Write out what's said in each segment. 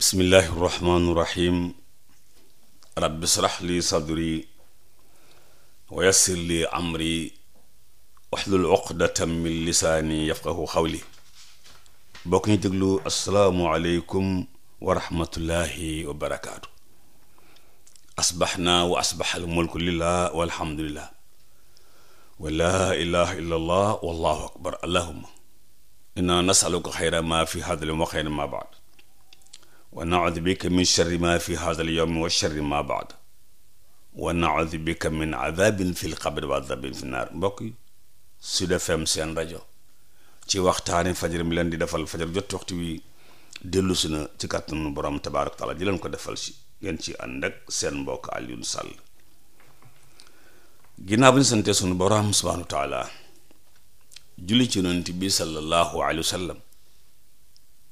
bismillahi irrahmaani irrahim rabbi srax li sadri wa yassir li amri waxlul uqdatan min lisaani yafqahu xawli bokk ñu déglu asalaamualeykum wa rahmatullahi wa barakaatu asbaxna wa asbax almulku lillah walhamdulillah wa laa ilaha illa allah wallahu akbar allahuma inna nasaluka xayra ma fi hadal wa xayra ma baad wa naudu bika min sharri ma fi hada alyowmi wa sharri ma baad wa naudu bika min adabin fi lqabri wa adabin fi naar mbokk yi Sud FM seen rajo ci waxtaani fajar mi leen di defal fajar jot waxtu wi dellu si na ci kàttanu borom tabaaraka taala di leen ko defal si ngeen ci ànd ak seen mbokk Alioune Sall ginnaaw bi ñu sante sunu borom subhaanahu wa julli ci yonent bi sallallahu alayhi wa sallam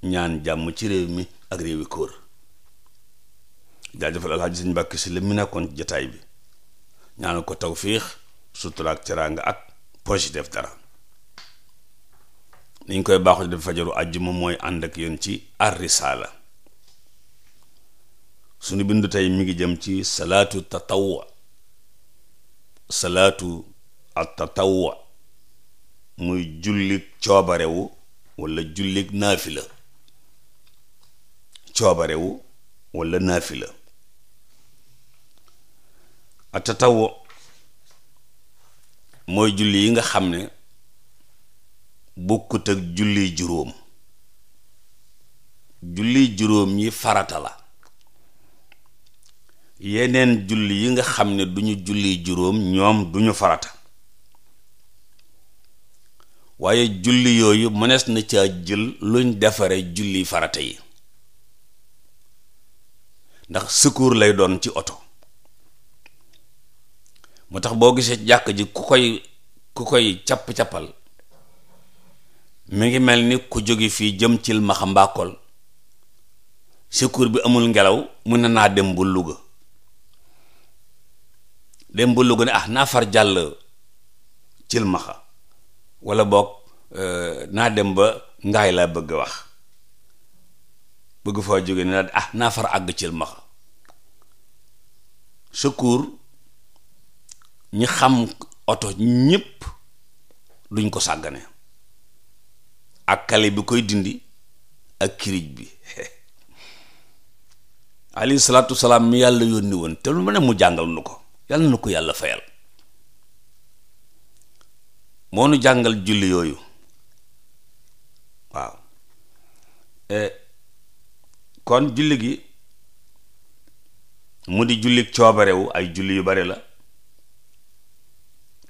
ñaan jàmm ci réew mi ak réewi kóor jaajëfal alxaaji sëñ Mbàkke si la mi nekkoon jataay bi ñaanal ko tawfiix sutura ak teraanga ak poche def dara niñ koy baaxul def fajaru àjjuma mooy ànd ak yoon ci Ar-Risaala suñu bindu tey mi ngi jëm ci salaatu tatawwa salaatu at tatawwa muy jullik coobarewu walla jullik naafila coobarewu walla la atatawu mooy julli yi nga xam ne bokkut ak julli juróom julli juróom yi farata la yeneen julli yi nga xam ne duñu julli juróom ñoom duñu farata waaye julli yooyu mënees na caa jël luñ defare julli farata yi ndax secours lay doon ci oto moo tax boo gisee jàkk ji ku koy ku koy capp-cappal mu ngi mel ni ku jóge fii jëm cilmaxa maxambaakol secours bi amul ngelaw mun na naa dem bu Louga dem ba Louga ne ah naa far jàll cilmaxa wala boog euh, naa dem ba ngaay laa bëgg wax bëgg faa jóge ne la ah naa far àgg cil maxa secours ñi xam oto ñépp duñ ko sàggane ak kale bi koy dindi ak kirij bi alayhi salaam mi yàlla yónni woon te lu ma mu jàngal nu ko yàlla na yàlla fayal moo nu jàngal julli yooyu waaw eh, kon julli gi mu di jullik coobarewu ay julli yu bare la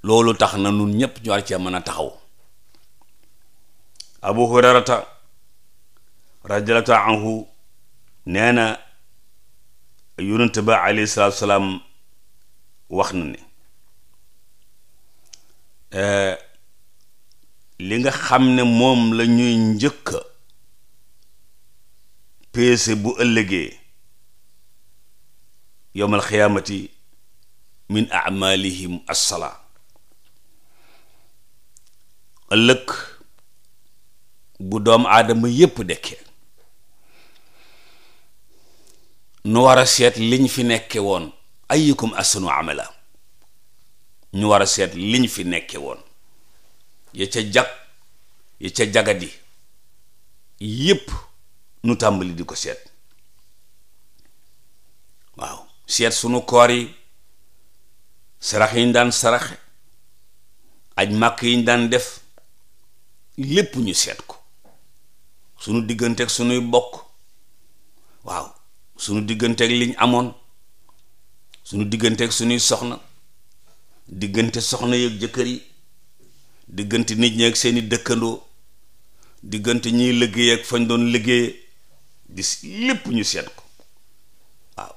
loolu tax na nun ñépp ñu war cee mën a taxaw abu hurairata radiallahu anhu nee na yonent ba alayhi salaam wax na ne eh, li nga xam ne moom lañuy njëkk peese bu ëllëgee yowmal xiyaamati min amalihim assala ëllëg bu doom aadama yépp dekkee nu war a seet liñ fi nekke woon ayyukum asanu amala ñu war a seet liñ fi nekke woon ya ca jag ya ca jagadi yépp nu tàmbali di ko seet waaw seet sunu koor yi sarax yi ñu daan sarax ak màkk yi ñu daan def lépp ñu seet ko sunu diggante ak sunuy bokk waaw sunu diggante ak liñ amoon sunu diggante ak sunuy soxna diggante soxna yi ak jëkkër yi diggante nit ñi ak seeni dëkkandoo diggante ñuy liggéey ak fañ doon liggéey gis lépp ñu seet ko waaw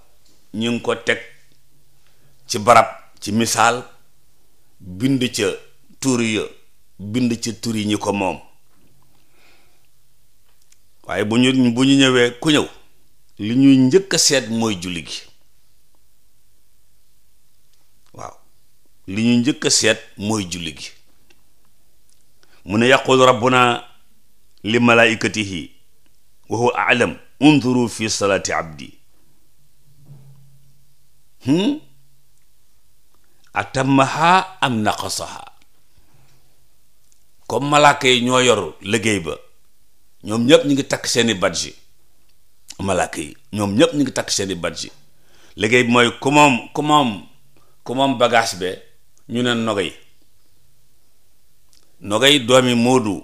ñu ngi ko teg ci barab ci misaal bind ca tur ya bind ca tur yi ñi ko moom waaye bu ñu bu ñu ñëwee ku ñëw li ñuy njëkk a seet mooy julli gi waaw li ñuy njëkk a seet mooy julli gi mu ne yaqul rabbuna li malaikatihi wa huwa a'lam unzuru fi salati abdi hmm? atammaha am naqasaha comme malaaka yi ñoo yor liggéey ba ñoom ñëpp ñu ngi takk seeni badge malaaka yi ñoom ñëpp ñu ngi takk seeni badge liggéey bi mooy ku moom ku moom ku moom bagage be ñu ne nogay nogay doomi moodu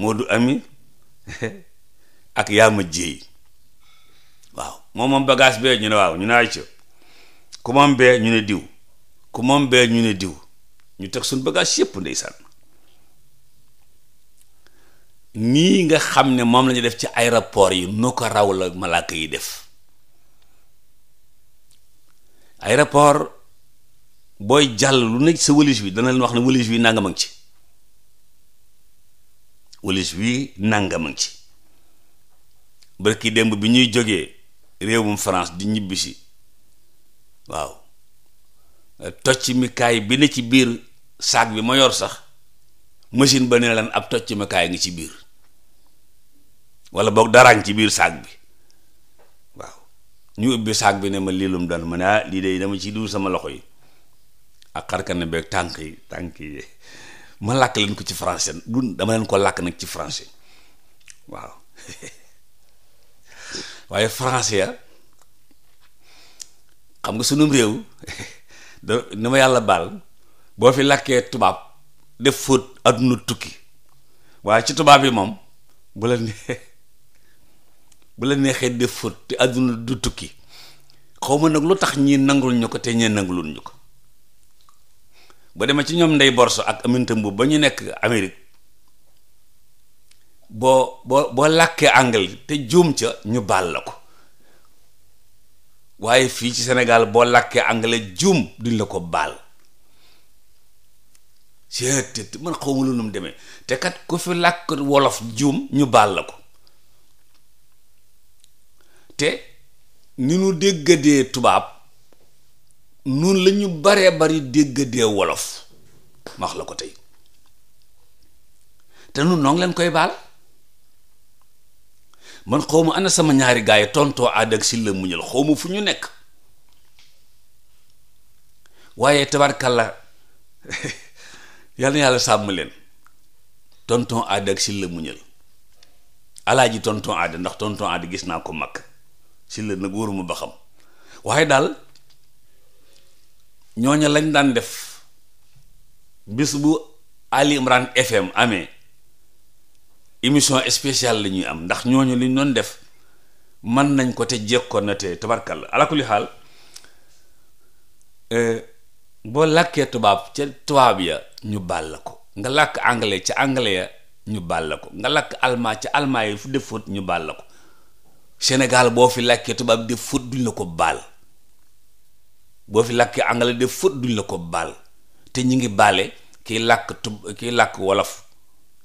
moodu ami ak yaa ma jéey waaw moom moom bagage bee ñu ne waaw ñu ne ay ku moom bee ñu ne diw ku ñu ne diw ñu teg suñ yëpp yépp ndeysaan nii nga xam ne moom lañu def ci aéroport yi nu ko raw la malaaka yi def aéroport booy jàll lu nekk sa wëlis bi dana leen wax ne wëlis wi nàngam a ci wëlis wi nàngam ci bërki démb bi ñuy jógee réewum France di ñibbisi waaw tocc bi ne ci biir saag bi ma yor sax machine ba ne lan ab tocc ngi ci biir wala boog daraañ ci biir saag bi waaw ñu ubbi saag bi ne ma lii lum doon ma ne ah lii de dama ci duur sama loxo yi ak xarkana beeg tànk yi tànk yi ma làkk leen ko ci français dun dama leen ko làkk nag ci français waaw waaye français ya xam nga sunum réew da ni ma yàlla baal boo fi làkkee tubaab def fóot adduna tukki waaye ci tubaab yi moom bu la nee bu la neexee def fóot te adduna du tukki xaw ma nag lu tax ñi nangul ñu ko te ñee nangulul ñu ko ba demee ci ñoom ndey borso ak amintam bu ba ñu nekk Amérique boo boo boo làkkee anglais te jum ca ñu baal la ko waaye fii ci Sénégal boo làkkee anglais jum duñ la ko baal seet man xaw ma lu mu demee te kat ku fi làkk wolof jum ñu baal la ko te ni nu déggadee tubaab nun la ñu baree bari déggadee wolof wax la ko tey te nun noo ngi leen koy baal man xaw ma ana sama ñaari gaay yi tontoo ak si la muñal xaw ma fu ñu nekk waaye tabarkalla yal na yàlla sàmm leen tonton aad ak si la muñal alaaji tonton aad ndax tonton aad gis naa ko mag si la nag wóoruma ba xam waaye daal ñooña lañ daan def bis bu Ali FM amee émission spéciale lañuy am ndax ñooñu li ñu doon def mën nañ ko te jekkoon na te tabarkal euh, boo làkkee tubaab ca tubaab ya ñu baal la ko nga làkk anglais ca anglais ya ñu baal la ko nga làkk almaa ca almaa yi fu def faute ñu baal la ko Sénégal boo fi làkkee tubaab def boo fi làkkee anglais def faute duñ la ko baal te ñu ngi baale kiy làkk tub kiy làkk wolof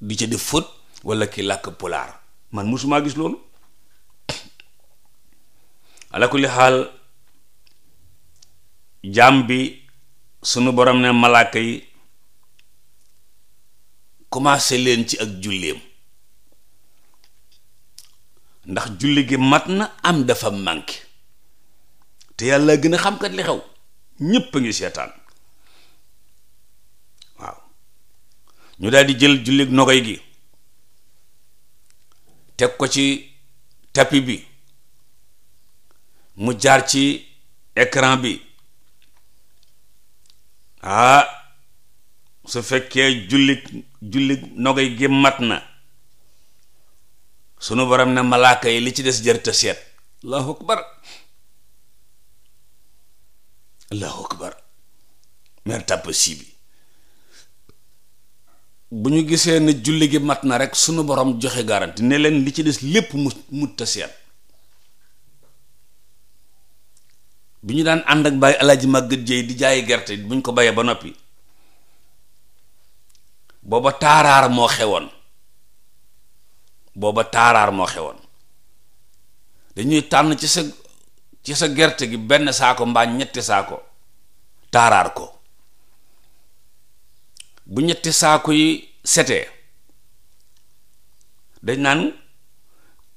di ca def faute walla ki làkk pulaar man musumaa gis loolu ala kulli xaal jaam bi sunu borom ne malaaka yi commencé leen ci ak julleem ndax julli gi mat na am dafa manqué te yàlla gën a xam kat li xew ñépp a ngi seetaan waaw ñu daal jël julli nogay gi teg ko ci tapis bi mu jaar ci ecran bi ah su fekkee jullit julli nogay gi na sunu borom na malaaka yi li ci des jër seet allahu akbar allahu akbar mer tàpp si bi bu ñu gisee ne julli gi mat na rek sunu boroom joxe garanti ne leen li ci des lépp mu mut ta seet bi ñu daan ànd ak bàyyi alaaji màggat jéy di jaayi gerte bu ñu ko bayee ba noppi booba taaraar moo xewoon booba taaraar moo xewoon dañuy tànn ci sa ci sa gerte gi benn saako mbaa ñetti saako taaraar ko bu ñetti saako yi setee dañ naan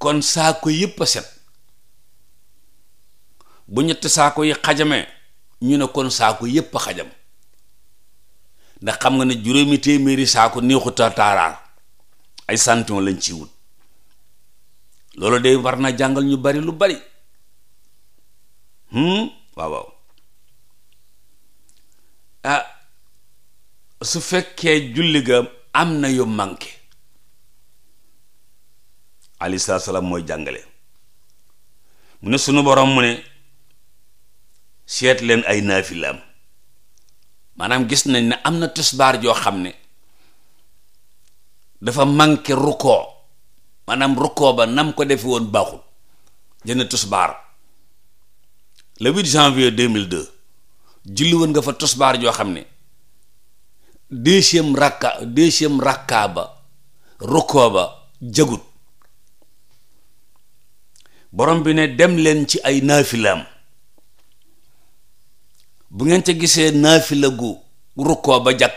kon saako yëpp a set bu ñetti saako yi xajamee ñu ne kon saako yëpp a xajam ndax xam nga ne juróomi téeméeri saako neexuta taaraar ay santion lañ ci loolu de war na jàngal ñu bari lu bari hmm waaw waaw ah, su fekkee julli ga am na yu manqué aleyhi salaam mooy jàngale mu ne sunu borom mu ne seet leen ay naafilaam maanaam gis nañ ne am na tisbaar joo xam ne dafa manqué rukkoo maanaam rukkoo ba nam ko defe woon baaxul jënd tisbaar le 8 janvier 2002 julli woon nga fa tisbaar joo xam ne deuxième rakka deuxième rakka ba rukkoo ba jagut borom bi ne dem leen ci ay naafilaam bu ngeen ca gisee naafila gu rukkoo ba jag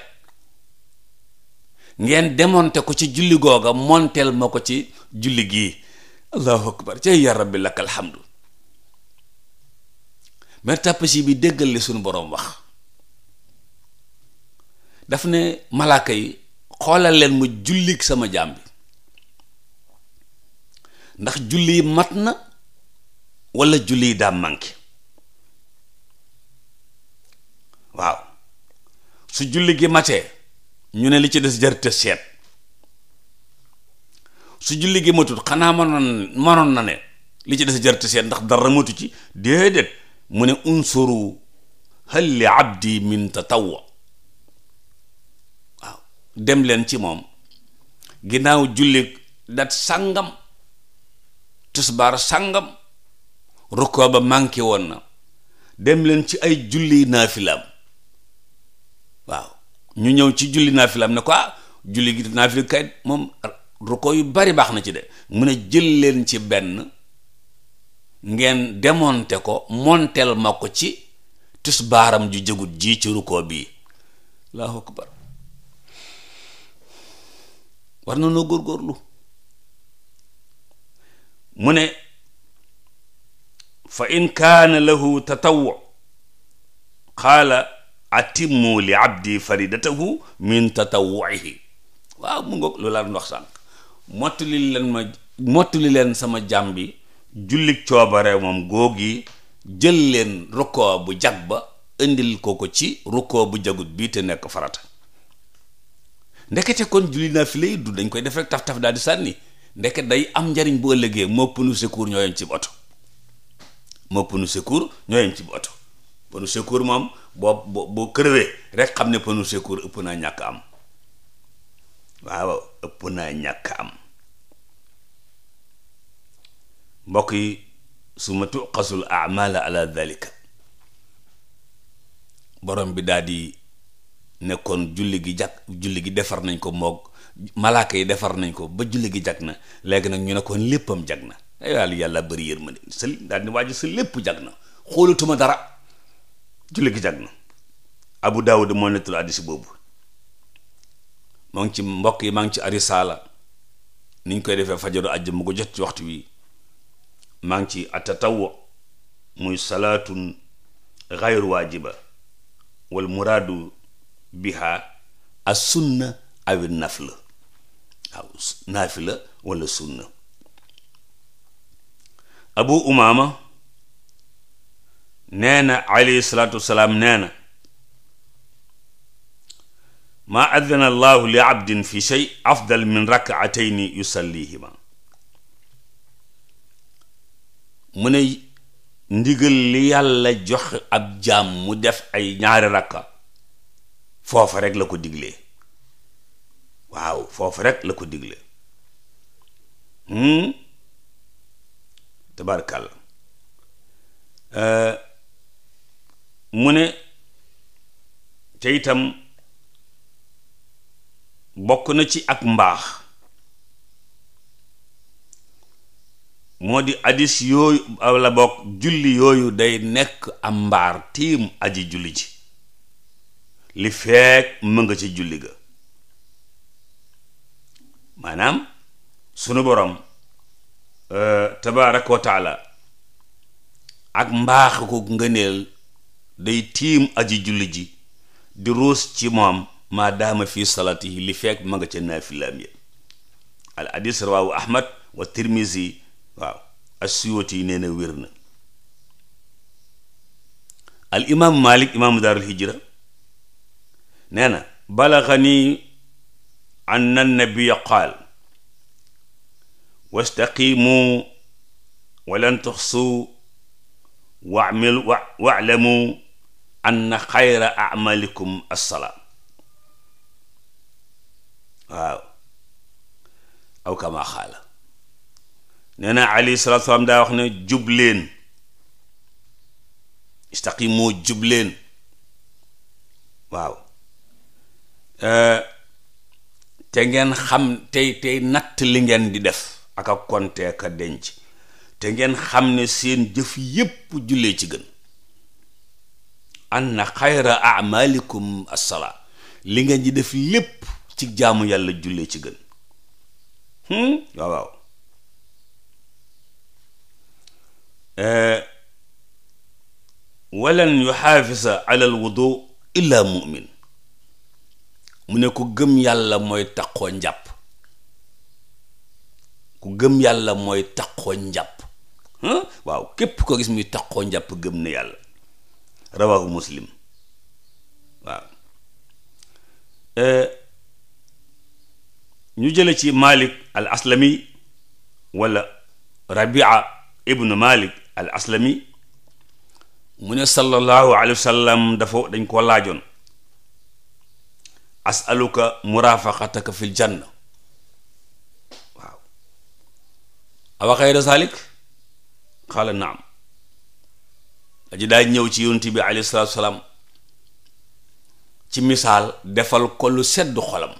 ngeen demonte ko ci julli googa monteel ma ko ci julli gii allahu akbar cay ya rabbi lakal hamdu mer tàppasi bi déggal li suñu boroom wax daf ne malaaka yi xoolal leen mu jullik sama jàmbi ndax julli yi mat na wala julli yi daa manqué waaw su julli gi matee ñu ne li ci des jarite seet su julli gi matut xanaa manoon manoon na ne li ci des jarite seet ndax dara matu ci déedéet mu ne unsuru hal li abdi min tatawwa dem leen ci moom ginnaaw julli dat sàngam tusbaar sàngam rukkoo ba manqué woon na dem leen ci ay julli naafilaam waaw ñu ñëw ci julli naafilaam ne ko ah julli gi naafila kay moom rukkoo yu bari baax na ci de mu ne jël leen ci benn ngeen démonte ko monteel ma ko ci tusbaaram ju jëgut ji ci rukkoo bii allahu akbar war na noo góorgóorlu mu ne fa in kaana lahu tatawwu qaala atimmu li abdi faridatahu min tatawwuihi waaw mu ngoog loolu laa doon wax sànq mottali leen ma mottali leen sama jàmm bi jullik coobare moom googi jël leen rukkoo bu jag ba indil ko ko ci rukkoo bu jagut bii te nekk farata ndekete kon julli naafile yi du dañ koy def rek taf-taf daal di sànni ndeket day am njariñ boo ëllëgee moo nu secours ñoo yem ci oto moo pneu secours ñoo yem ci oto pneu secours moom boo boo boo crevé rek xam ne pneu secours ëpp naa ñàkk am waaw ëpp naa ñàkk am mbokk yi suma tuqasul amala ala dalika borom bi daal di ne kon julli gi jàkk julli gi defar nañ ko moog malaaka yi defar nañ ko ba julli gi jag na léegi nag ñu nekkoon kon léppam jag na ay wàllu yàlla bëri yërmande sa daal di waaj sa lépp jag na xoolatuma dara julli gi jag na abu daawud moo nettul addis boobu moo ngi ci mbokk yi maa ngi ci arisala ni ñu koy defee fajaru àjj mu ko jot ci waxtu wi maa ngi ci atatawo muy salaatun xayru waajiba wal muraadu biha as sunna awi nafla waaw naafila wala sunna abu umaama nee na alayhi salaatu wasalaam nee na maa addana allahu li abdin fi shay afdal min rakaatayni yusallihima mu ne ndigal li yàlla jox ab jaam mu def ay ñaari rakka foofa rek la ko digle waaw foofa rek la ko digle hmm? tabarkàlla uh, eh, mu ne te itam bokk na ci ak mbaax moo di addis yooyu la bokk julli yooyu day nekk am mbaar tiim aji julli ji li feek mën nga ci julli ga maanaam sunu borom euh, tabaaraka wa ak mbaax ko ngëneel day tiim aji julli ji di ruus ci moom maa daama fi salaatihi li feek ma nga ca naafilaam ya al hadis rawaahu ahmad wa tirmisi waaw asuyóoti yi nee na wér na al imaamu malik imaamu daarul hijra nee na balaxani anna nabiyya qaal wastaqimu walan tuxsu wamil walamu anna xayra amalikum assalaa waaw aw kama xaala nee na alayhi salaatu salaam daa wax ne jub leen istaqimu jub leen waaw Euh, te ngeen xam tey tey natt li ngeen di def ak a denc te ngeen xam ne seen jëf yépp jullee ci gën anna xayra amalikum assalaa li ngeen di def yépp ci jaamu yàlla jullee ci gën hmm? waaw waaw euh, walan yuxaafisa ala alwudu illa mumin mu ne ko gëm yàlla mooy taqoo njàpp ku gëm yàlla mooy taqoo njàpp waaw képp ko gis muy taqoo njàpp gëm na yàlla rawahu muslim waaw eh, ñu jële ci malik al aslami walla rabia ibnu malik al aslami mu ne sallallahu alayhi wa sallam dafa dañ koo laajoon asaluka murafaqataka fil janna waaw awa xayra salik xaala naam aji daa ñëw ci yonent bi alayhi salaatu salaam ci misaal defal ko lu sedd xolam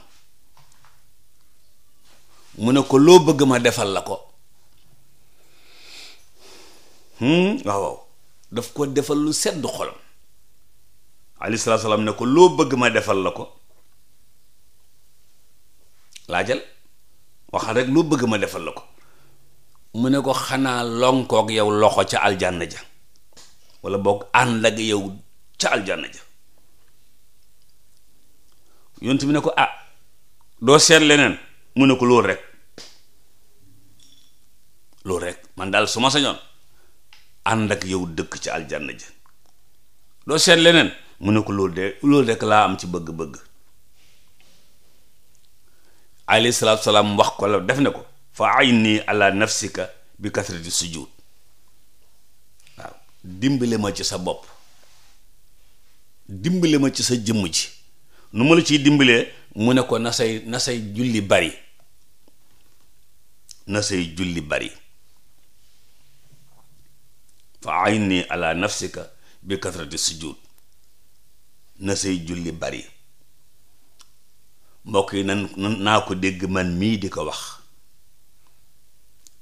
mu ne ko loo bëgg ma defal la ko hmm? waaw waaw daf ko defal lu sedd xolam alayhi salaatu salaam ne ko loo bëgg ma defal la ko laajal waxal rek loo bëgg ma defal la ko mu ne ko xanaa lonkoog yow loxo ca aljanna ja wala boog ànd ak yow ca aljanna ja yontu mu ne ko ah doo seet leneen mu ne ko loolu rek loolu rek man daal su ma sañoon ànd ak yow dëkk ca aljanna ja doo seet leneen mu ne ko loolu de loolu rek laa am ci bëgg-bëgg alayhi salaam wax ko la def ne ko fa nii ala nafsika bi kasrati sujud waaw dimbale ma ci sa bopp dimbale ma ci sa jëmm ji nu ma la ciy dimbalee mu ne ko na say na say julli bari na say julli bari fa ayni ala nafsika bi kasrati sujud na say julli bari mbokk yi nan naa ko dégg man mii di ko wax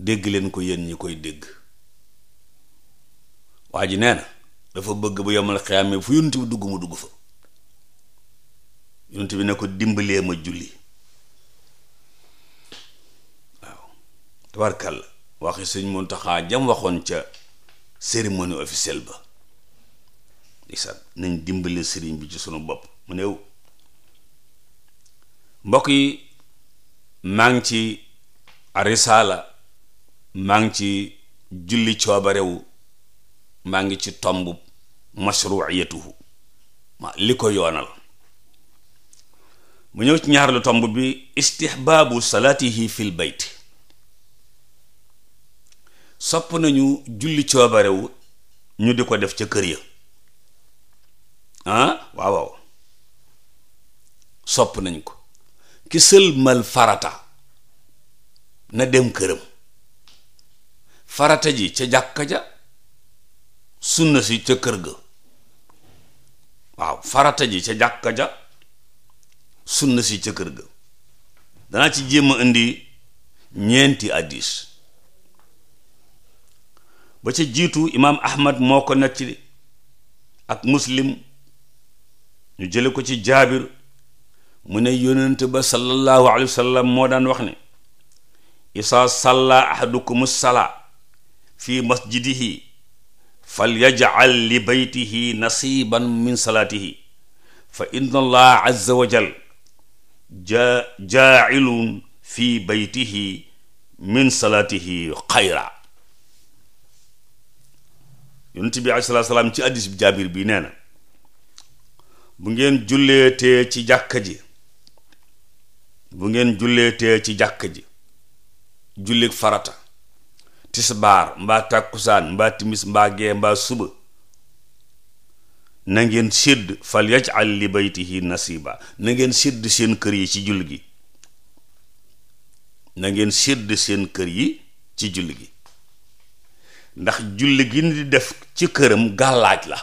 dégg leen ko yéen ñi koy dégg waa ji nee dafa bëgg bu yomal xiyaame fu yonent bi dugg mu dugg fa yonent bi ne ko dimbalee ma julli waaw tabarkàlla waxi sëñ Muntaxa jam waxoon ca cérémonie officielle ba ndeysaan nañ dimbale sëriñ bi ci sunu bopp mu néew mbokk yi maa ngi ci risaala maa ngi ci julli coobarewu maa ngi ci tomb mashruiyatuhu ma li ko yoonal mu ñëw ci ñaarlu tomb bi istihbaabu salaatihi fil bayt sopp nañu julli coobarewu ñu di ko def ca kër ya ah waaw waaw sopp nañ ko ki sëlmal farata na dem këram farata ji ca jàkka ja sunna si ca ga waaw farata ji ca jàkka ja sunna si ca ga danaa ci jéem a indi ñeenti addis ba ca jiitu imaam ahmad moo ko nettali ak muslim ñu jële ko ci jaabir mu ne yonent ba sallallahu alayhi wa sallam moo daan wax ne isaa salla ahadukum salaa fi masjidihi fal yajcal li beytihi nasiban min salaatihi fa inna azza wa jal ja xayra yonent salaam ci addis bi jaabir bi nee na bu ngeen julleetee ci jàkka ji bu ngeen julleetee ci jàkk ji jullik farata tisbaar mbaa tàkkusaan mbaa timis mbaa gee mbaa suba na ngeen sidd fal yaj'al li baytihi nasiba nangeen sedd seen kër yi ci jull gi na ngeen sidd seen kër yi ci jull gi ndax julli nit di def ci këram gàllaaj la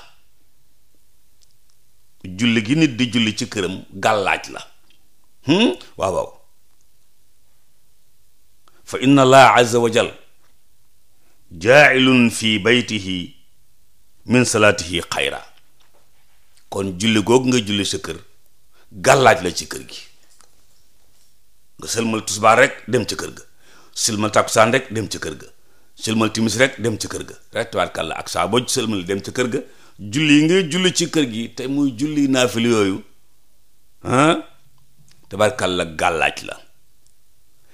julli gi nit di julli ci këram gàllaaj la Hmm? waaw waaw fa inna allah azza wa jal jaailun fi baytihi min salaatihi xayra kon julli googu nga julli sa kër gàllaaj la ci kër gi nga sëlmal tisbaar rek dem ca kër ga sëlmal takkusaan rek dem ca kër ga sëlmal timis rek dem ca kër ga rek tabaarkalla ak saa boo sëlmal dem ca kër ga julli yi ngay julli ci kër gi te muy julli naafil yooyu ah, tabarkalla gàllaaj la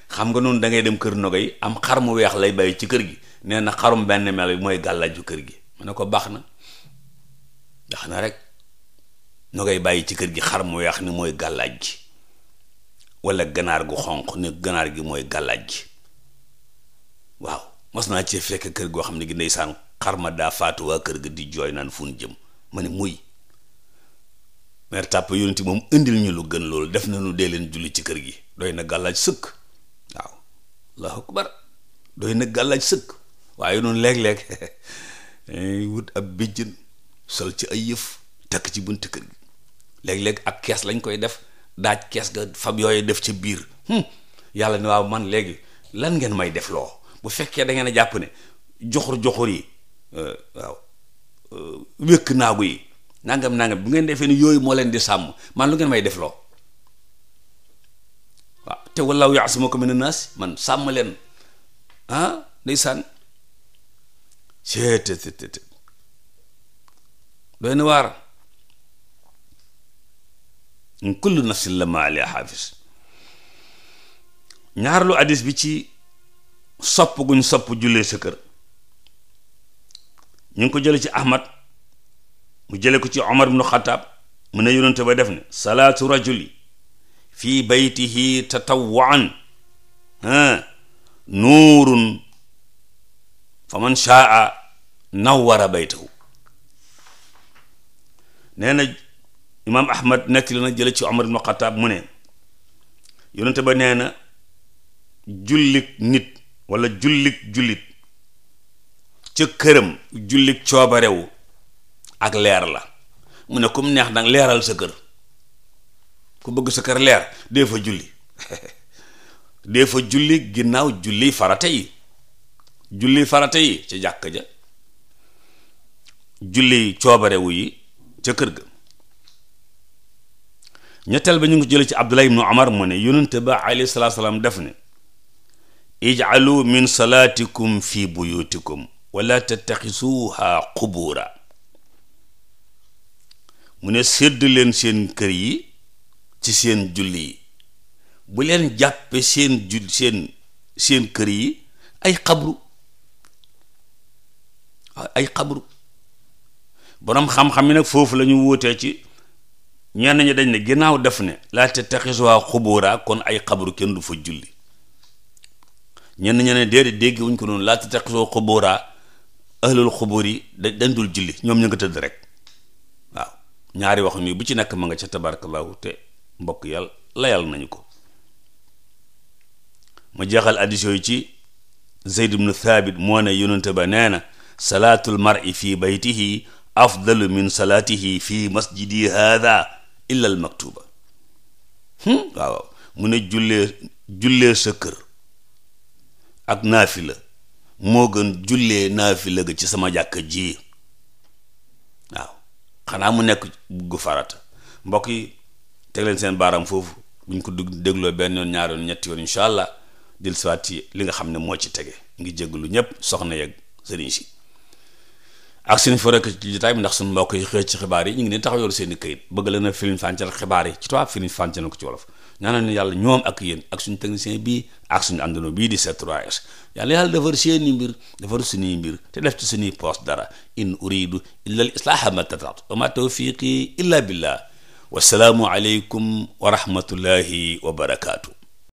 xam nga noonu da ngay dem kër nogay am xar mu weex lay bàyyi ci kër gi nee na xarum benn mel bi mooy gàllaaju kër gi mu ne ko baax na baax na rek nogay bàyyi ci kër gi xar mu weex ni mooy gàllaaj ji wala ganaar gu xonq ni ganaar gi mooy gàllaaj gi waaw mos naa ci fekk kër goo xam ne gi ndeysaan xar ma daa faatu waa kër gi di jooy naan fun ñu jëm ma ne muy mère tàpp ti moom indil ñu lu gën loolu def nañu dee leen julli ci kër gi doy na gàllaaj sëkk waaw allahu akbar doy na gàllaaj sëkk waaye noonu léeg-léeg eh, wut ab béjjën sol ci ay yëf takk ci bunt kër gi léeg-léeg ak kees lañ koy def daaj kees ga fab yooyu def ci biir hmm. yàlla ne waaw man léegi lan ngeen may def loo bu fekkee da ngeen a jàpp ne joxur joxur yi eh, waaw eh, wékk naagu yi nangam nangam bu ngeen defee ni yooyu moo leen di sàmm man lu ngeen may def loo waaw te wallaahu yaasimuka mina naas man sàmm leen day ah, ndeysaan seetetetet doy na waar kullu nafsin lamma alayha bi ci sopp guñ sopp jullee sa kër ñu ngi ko jël ci ahmad mu jële ko ci omar ibnu xataab mu ne yonente ba def ne salaatu rajuli fii baytihi tatawwaan nuurun fa man shaa nawwara baytahu nee na imaam ahmad nekk li na ci omar ibnu xataab mu ne yonente ba nena na jullik nit wala jullik jullit ca këram jullik coobarewu ak leer la mu ne ku mu neex nag leeral sa kër ku bëgg sa kër leer dee fa julli dee fa julli ginnaaw julli farata yi julli farata yi ca jàkk ja julli coobarewu yi ca kër ga ñetteel ba ñu ngi jële ci abdullah ibnu omar mu ne yonente ba alayhi salaatu salaam def ne ijcalu min salaatikum fi buyutikum wala tattaxisuha qubura mu ne sedd leen seen kër yi ci seen julli yi bu leen jàppe seen jul seen seen kër yi ay xabru ay xabru boroom xam-xam yi nag foofu lañu ñu ci ñenn ñi dañ ne ginnaaw def ne laa te taxisuwaa xubóoraa kon ay xabru kenn du fa julli ñenn ñe ne déedéet dégg wuñ ko noonu laa te taxisuwaa xubóoraa ahlul xoboor yi dañ dul julli ñoom ñu nga tëdd rek ñaari wax mi bu ci nekk ma nga ca tabarakallahu te mbokk yàlla layal nañu ko ma jeexal addis ci zeyd ibnu thabit moo ne yonente ba nee na salaatul mar'i fi baytihi afdalu min salaatihi fi masjidi haada illa al maktuba hmm? waaw mu ne jullee jullee sa ak naafila moo gën jullee naafila ga ci sama jàkk ji waaw xanaa mu nekk gu farat mbokk yi teg leen seen baaram foofu bu ñu ko dug dégloo benn yoon ñaar yoon ñetti yoon incha allah dil siwaat ci li nga xam ne moo ci tege ngi jéggalu ñëpp soxna yeeg sëriñ si ak seen fa rek ci jotaay bi ndax suñu mbokk yi xëy ci xibaar yi ñu ne taxaw yor seen këyit bëgg leen a filim fàncal xibaar yi ci tubaab filim fàncal ko ci wolof ñaanal ñu yàlla ñoom ak yéen ak suñu technicien bii ak suñu àndandoo bii di C3S yàlla yàlla defar seeni mbir defar suñuy mbir te def ci suñuy poos dara in uridu illa al islaaha ma tataatu wa ma tawfiqi illa billah wasalaamu aleykum wa rahmatullahi wa barakaatu